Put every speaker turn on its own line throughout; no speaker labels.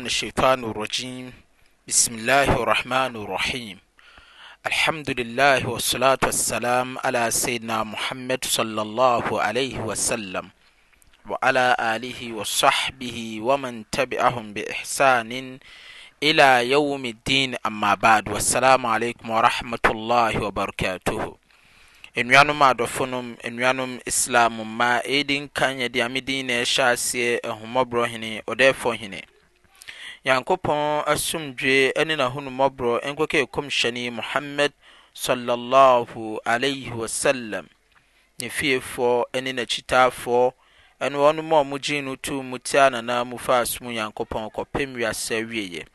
من الشيطان الرجيم بسم الله الرحمن الرحيم الحمد لله والصلاة والسلام على سيدنا محمد صلى الله عليه وسلم وعلى آله وصحبه ومن تبعهم بإحسان إلى يوم الدين أما بعد والسلام عليكم ورحمة الله وبركاته إن adɔfonom nnuanom islam mmaa ɛdi nka yɛde amedin na ɛhyɛ aseɛ ahomɔborɔ hene ɔdɛɛfɔ nyankopɔn asomdwe ne n'ahonumɔborɔ nkɔkɛ kɔmhyɛne muhammad sallallahu wa sallam ne fiefoɔ ne n'akyitaafoɔ ɛne wɔn mu a wɔgye no tu mu te ananaa mu fa som nyankopɔn kɔpem wiasa wieɛ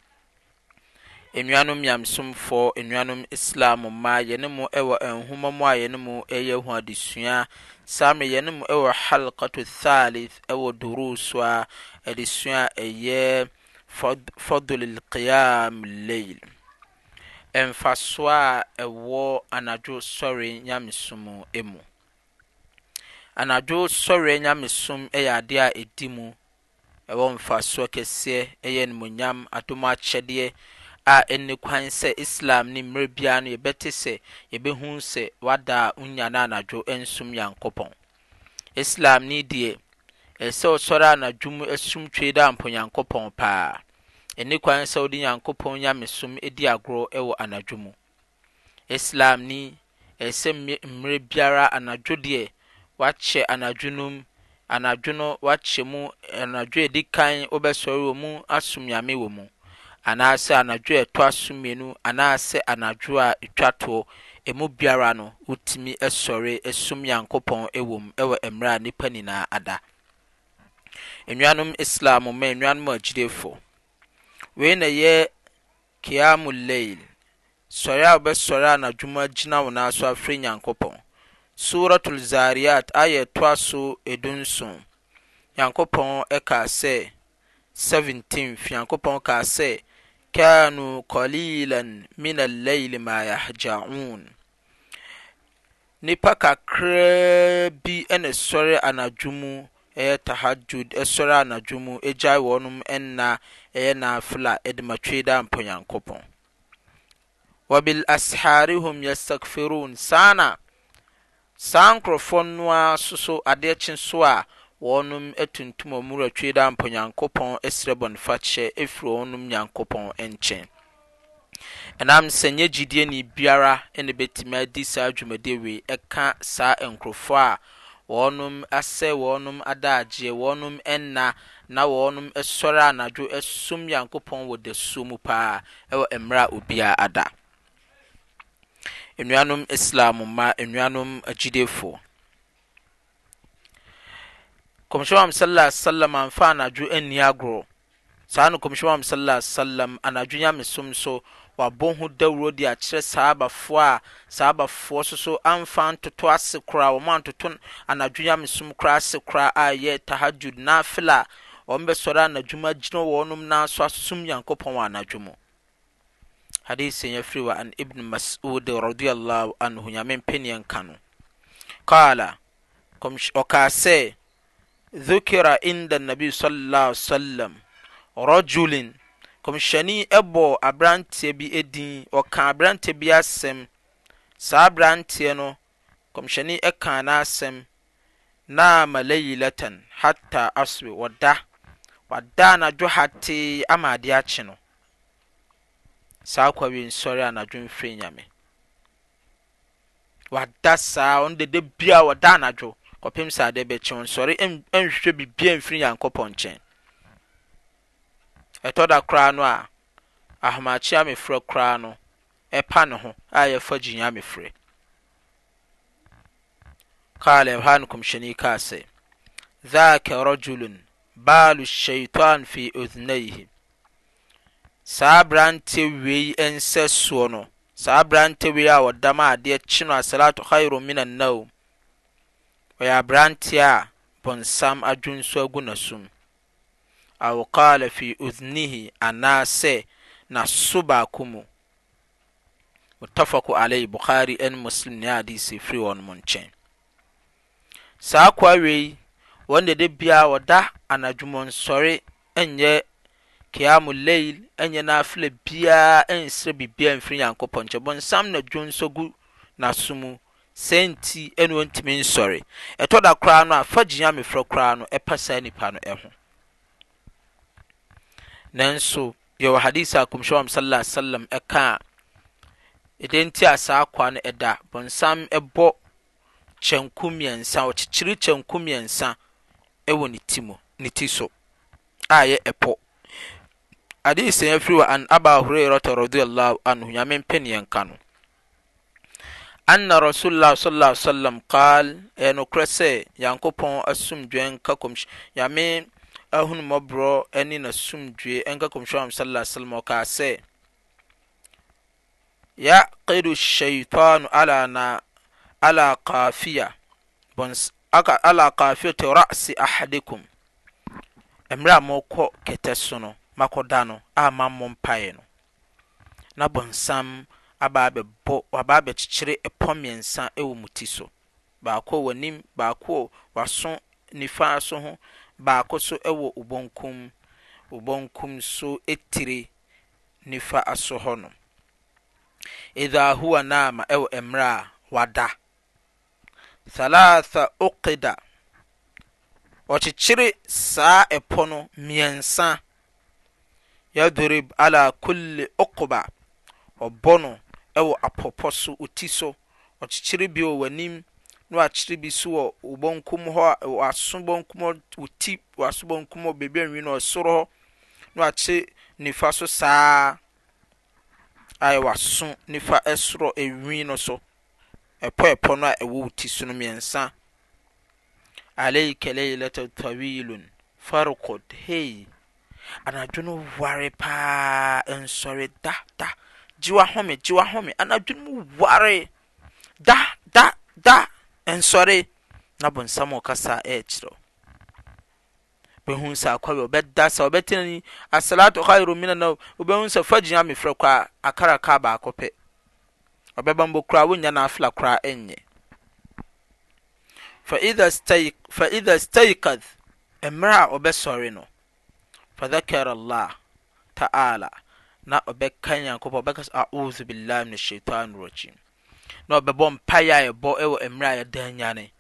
nnuanom nyamsomfoɔ nnuanom islam mmaa yɛne mu wɔ nhoma mu a yɛne mu yɛ ho adesua saa me yɛne mu wɔ halkato thalith wɔ duru so a adesua ɛyɛ fadl qiyam lail mfasoɔ a ɛwɔ anadwo sɔre nyamesom mu anadwo sɔre nyamesom yɛ adeɛ a ɛdi mu ɛwɔ mfasoɔ kɛseɛ ɛyɛ nimonyam adom akyɛdeɛ a ɛnni kwan sɛ islam ne mmerɛ biara no yɛbɛte sɛ yɛbɛhu sɛ wada a wonya no anadwo nsom nyankopɔn islam ne deɛ ɛsɛ ɔsɔre anadwom asomtwe dɛ ampɔnyankopɔn paa ɛne kwan sɛ ɔde nyankopɔn nyamesom di agorɔ wɔ anadwo mu islam ɛsɛ mmerɛ biara anadwo deɛ wakyɛ anadwo no mu anadwo no wakyɛ mu anadwo a ɛdi kan wobɛsɔre wɔ mu asom nyame wɔ mu anaasɛ anadwo a ɛtɔ aso mmienu anaasɛ anadwo a ɛtwa toɔ ɛmu biara no wotumi sɔre som nyankopɔn wɔ mu ɛwɔ mmerɛ a nnipa nyinaa ada nnuanom islam ma nnanom agyidefo wei ne yɛ kiamlleile sɔre a wobɛsɔre anadwom agyina wonaa so afri nyankopɔn suratul zariat ayɛ toa so ɛdunson nyankopɔn ka sɛ 7f nyankopɔn ka sɛ canu kalilan min alleil ma yahjaoun nnipa kakra bi ne sɔre anadwomu ɛyɛ tahajud ɛsɔre anadwo mu egyae wɔnom ɛnna ɛyɛ naafila ɛde ma twe da mpɔnyankopɔn wabil asharihum yastakfirun saa na saa nkurɔfoɔ no ara soso adeɛ kye so a wɔnom atuntum ɔmura twe da mpɔnyankopɔn ɛsrɛ bɔnfakyɛ ɛfiri wɔnom nyankopɔn nkyɛn ɛnam sɛ nyɛ gyidie ne biara ɛna bɛtumi adi saa dwumadie wei ɛka saa nkurɔfoɔ a wɔɔnom asɛ wɔɔnom ada agyeɛ wɔɔnom ɛna na wɔɔnom ɛsɔre a anadwo asom nyankopɔn wɔ da suo mu paa ɛwɔ ɛmmerɛ a obia adanaislam manaidfo komisioam sala salm amfa anadwo ani agorɔ saa ne kominsion am sal salm anadwo nyamesom so ɔabɔhudawr de akyerɛ sahabafoɔ a saabafoɔ soso amfa ntoto ase kora ɔma antoto anadwoamesom kora ase kora ayɛ tahajud nafela ɔm bɛsɔre anadwuma gyina wɔ nom naaso asum nyankopɔn wɔ anadwo muhadifiɔnbn masudrknnbi rjn kɔmhyɛni bɔ aberanteɛ bi din ɔka aberanteɛ bi asɛm saa aberanteɛ no kɔmhyɛni ka n'asɛm naama laylatan hatta aswe wɔda wada anadwo hatee ama adeɛ akye no saa kwa wie nsɔre anadwo mfiri nyame wada saa ɔno dede wɔda anadwo kɔpem saa adeɛ nhwehwɛ mfiri nyankopɔn nkyɛn ɛtɔ da kora no a ahomakhea me frɛ koraa no ɛpa ne ho a yɛafa gyenea efrɛa taka rujulun baalo shaitan fi utnaihi an suɔ no saa berɛntei a wɔdam adeɛ kye no asalato hairom min anoomɔyɛ aerante abɔsa adwonsa s wka fi onihi anaasɛ nasobaak mu utaak bar nmusm nedesfii wɔnomo nkyɛn saa koa wiei wɔ dedɛ biara wɔda anadwomɔ nsɔre ɛnyɛ ciamu leile ɛyɛ naa filɛ biara nserɛ biribiaa mfiri nyankopɔn nkyɛ bɔnsam nadwos gu's musanti nɔ ntumi nsɔre ɛtɔ da koraa no afa gyena me frɛ koraa no ɛpa saa nnipa no ho nanso yɛwɔ hadis a kɔmnsyɛ wam sla salam ɛka a ɛdɛnti a saa kɔa no ɛda bɔsam bɔ kyɛnkmɛnsa ɔkyekyere kyɛnkumɛnsa wɔ ne ti so ayɛ ɛpɔ adis ya firi wɔ an aba hurairata radilh anho nyamempɛne yɛnka no anna resullah sala salm kal ɛyɛ nokorɛ sɛ nyankopɔn asomdwan ka kɔmyɛ ahummɔborɔ ɛne n'asomdwe ɛnka kɔmhyɛ am sallallahu alaihi wasallam ɔkaa sɛ yaqidu shaitanu ala na ala kafiya bons aka ala kafiya te ra'si ahadikum mmerɛ a mɔkɔ kɛtɛ so no makɔda no a mammɔ mpaeɛ no na bɔnsam aba abɛbɔ aba ɛpɔ mmiɛnsa wɔ mu ti so baako wanim anim baako nifa so ho baako nso wɔ obenkum obenkum nso tire nifa aso hɔnom idha huwa naama ɛwɔ mmerɛ a wada thalatha uqida ɔkyekyere saa ɛpɔ no mmiɛnsa yadrib ala kulli uqba ɔbɔ no ɛwɔ apɔpɔ so oti so ɔkyekyere bi wɔ w'anim na wakyerɛ bi so wɔ bɔnkum hɔ waso bɔnkum hɔ ti waso bɔnkum hɔ baabi anwi na ɔsoro hɔ na wakyerɛ nifa so saa ayɛ waso nifa ɛsoro ɛnwi no so ɛpɔ ɛpɔ no a ɛwɔ ti so no mmiɛnsa alaika lailata tawilun farqod hei anadwo no ware paa nsɔre da da gyewa home gyewa home anadwo no ware da da da nsɔrena bsam ka sa kyerɛbhu sɛ ki ɛdasa bɛtii asalat gire minnbhu sɛ fa gea me frɛ kɔa akarakabaakɔ pɛ ɛbao kora woyanafla kora ny fa ithe staikath merɛ a ɔbɛ sɔre no fa akara llah taala na bɛka nyankɔ aohbilah min ashitan ragim naɔbɛbɔ mpa yɛaɛbɔ wɔ mmerɛaya daa nyane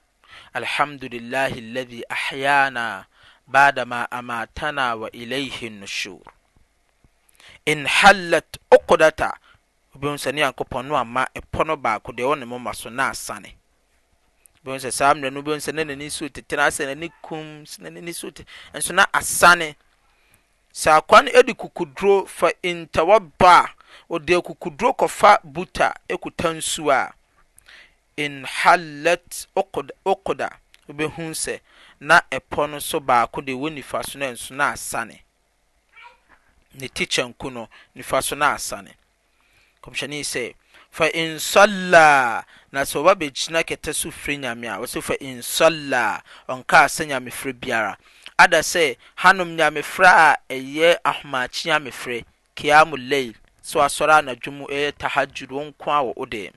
alhamdulah lahi ahyana bada ma amatana wa ilaihi nusor inhalat okodata obi sɛne yankpɔn no ama ɛpɔ no baako deɛ wɔne moma so na asanebu sɛ saa mmrɛnbu sɛnnani settnann ɛnso na asane saa kwane di kukuduro fa intwaa ɔde akukuduro kɔfa buta ɛkutansu a inhalet okda wobɛhu sɛ na ɛpɔ no so baako de wɔnnifa so no nsonaasane ne tichɛ nku no nifa so naasane mhyɛnei sɛ fa insallaa na sɛ ɔba bɛgyina kɛta so firi nyame a wɔs fa insallaa ɔnka a sa nyameferɛ biara ada sɛ hanom nyameferɛ a ɛyɛ ahomaakyi nyame ferɛ kiamlaile sɛwasɔre anadwomu ɛyɛ tahajud wɔnkɔ a wɔ wo dɛ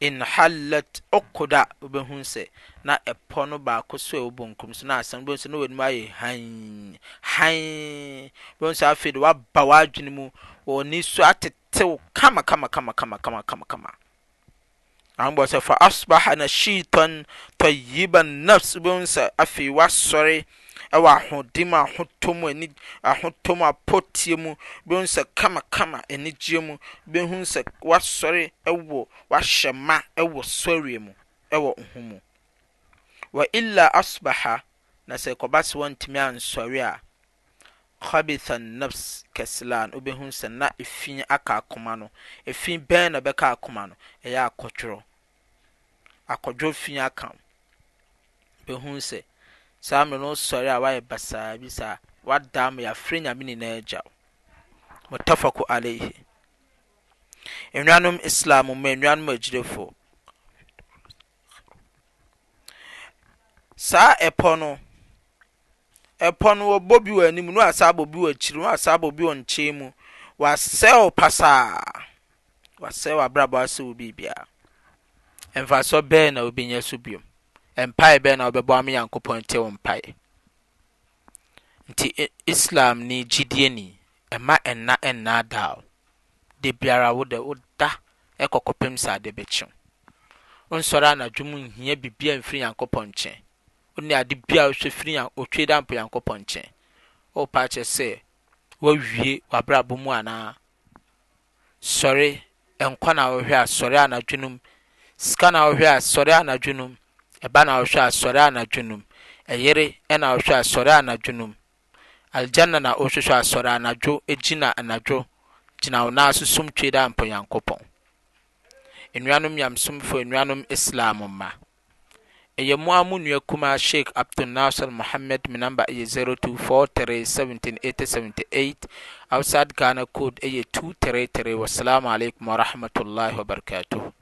inhalat okoda wobɛhu sɛ na ɛpɔ no baako sowɔ bɔnkum so naasabu sɛne wnim ayɛ ha wbhu sɛ afei de woaba w'adwene mu wɔne su atetew kamakamaakama abɔ sɛ fa asbah nashitan tyiba nafs wobɛu sɛ afei woasɔre ɛwɔ ahoɔden mu ahotɔ mu ani ahotɔ mu apɔtie mu bɛhu sɛ kamakama anigyeɛ mu bɛhu sɛ wasɔre ɛwɔ wahyɛ ma ɛwɔ sɔre mu ɛwɔ ho mu wa illa asbaha na sɛ kɔba sɛ wɔntumi ansɔre a khabitha nafs kaslan wobɛhu sɛ na ɛfi aka akoma no ɛfi bɛn na bɛka akoma no ɛyɛ akɔdworɔ akɔdworɔ fi aka bɛhu sɛ saa mmerɛ no sɔre a wayɛ basaa bi saa wadaa mo yɛafrɛ nyame nyinaa agya mutafako alaihi nnuanom islam mu nnuanom agyirefo saa ɛpɔ no ɛpɔ no wɔbɔ bi wɔ anim no asa abɔ bi wɔ akyiri no asa abɔ bi wɔ nkyɛn mu wasɛw pasaa wasɛw abrabɔ asɛw biribiara mfasoɔ bɛɛ na obɛnya so biom mpae bɛn na wɔbɛbɔ ama nyankopɔn te wo mpae nti islam ni gyidie ni ɛma ɛnna ɛnna daa de biara wo de wo da ɛkɔkɔpem sɛ ade bɛkyew nsɔre anadwo mu nhia bibia mfiri nyankopɔn nkyɛn wone ade bia wohwɛ firi otwe da mpo nyankopɔn nkyɛn wopa kyɛ sɛ wawie w'abrabɔ mu anaa sɔre nkwa na wohwɛ a sɔre anadwo nom sika na wohwɛ a sɔre anadwo nom ɛba na ɔhwɛ asɔre anadwo nom ɛyere ɛna ɔhwɛ asɔre anadwo nom aljanna na ɔhwehwɛ asɔre anadwo egyina anadwo gyina ɔna asosom twe dɛ mpɔnyankopɔn nnuanom nyamsomfo nnuanom islam mma ɛyɛ mu a mu nua kumaa sheik abdul nasir mohammed me namba ɛyɛ 0243178878 outside ghana code ɛyɛ 233 wasalamu alaikum warahmatullahi wabarakatuh